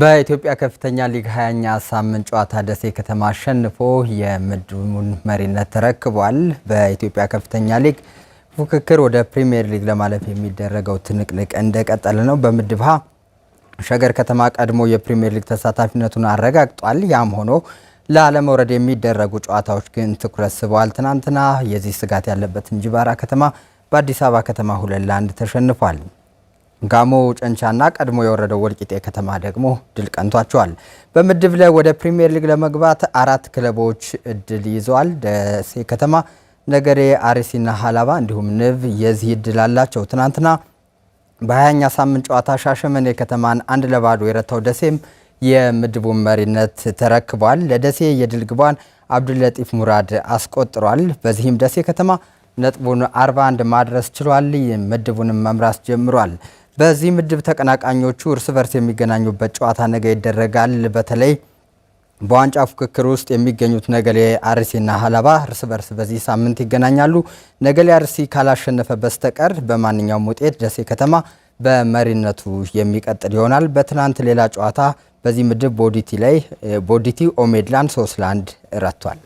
በኢትዮጵያ ከፍተኛ ሊግ 20ኛ ሳምንት ጨዋታ ደሴ ከተማ አሸንፎ የምድቡን መሪነት ተረክቧል። በኢትዮጵያ ከፍተኛ ሊግ ፉክክር ወደ ፕሪሚየር ሊግ ለማለፍ የሚደረገው ትንቅንቅ እንደቀጠለ ነው። በምድብ ሀ ሸገር ከተማ ቀድሞ የፕሪሚየር ሊግ ተሳታፊነቱን አረጋግጧል። ያም ሆኖ ለአለመውረድ የሚደረጉ ጨዋታዎች ግን ትኩረት ስበዋል። ትናንትና የዚህ ስጋት ያለበት እንጅባራ ከተማ በአዲስ አበባ ከተማ ሁለት ለአንድ ተሸንፏል። ጋሞ ጨንቻና ቀድሞ የወረደው ወልቂጤ ከተማ ደግሞ ድል ቀንቷቸዋል። በምድብ ላይ ወደ ፕሪሚየር ሊግ ለመግባት አራት ክለቦች እድል ይዘዋል። ደሴ ከተማ፣ ነገሬ፣ አርሲና ሀላባ እንዲሁም ንብ የዚህ እድል አላቸው። ትናንትና በሀያኛ ሳምንት ጨዋታ ሻሸመኔ ከተማን አንድ ለባዶ የረታው ደሴም የምድቡን መሪነት ተረክቧል። ለደሴ የድል ግቧን አብዱልለጢፍ ሙራድ አስቆጥሯል። በዚህም ደሴ ከተማ ነጥቡን 41 ማድረስ ችሏል። ምድቡንም መምራት ጀምሯል። በዚህ ምድብ ተቀናቃኞቹ እርስ በርስ የሚገናኙበት ጨዋታ ነገ ይደረጋል። በተለይ በዋንጫ ፉክክር ውስጥ የሚገኙት ነገሌ አርሲና ሀላባ እርስ በርስ በዚህ ሳምንት ይገናኛሉ። ነገሌ አርሲ ካላሸነፈ በስተቀር በማንኛውም ውጤት ደሴ ከተማ በመሪነቱ የሚቀጥል ይሆናል። በትናንት ሌላ ጨዋታ በዚህ ምድብ ቦዲቲ ላይ ቦዲቲ ኦሜድላን ሶስት ለአንድ ረቷል።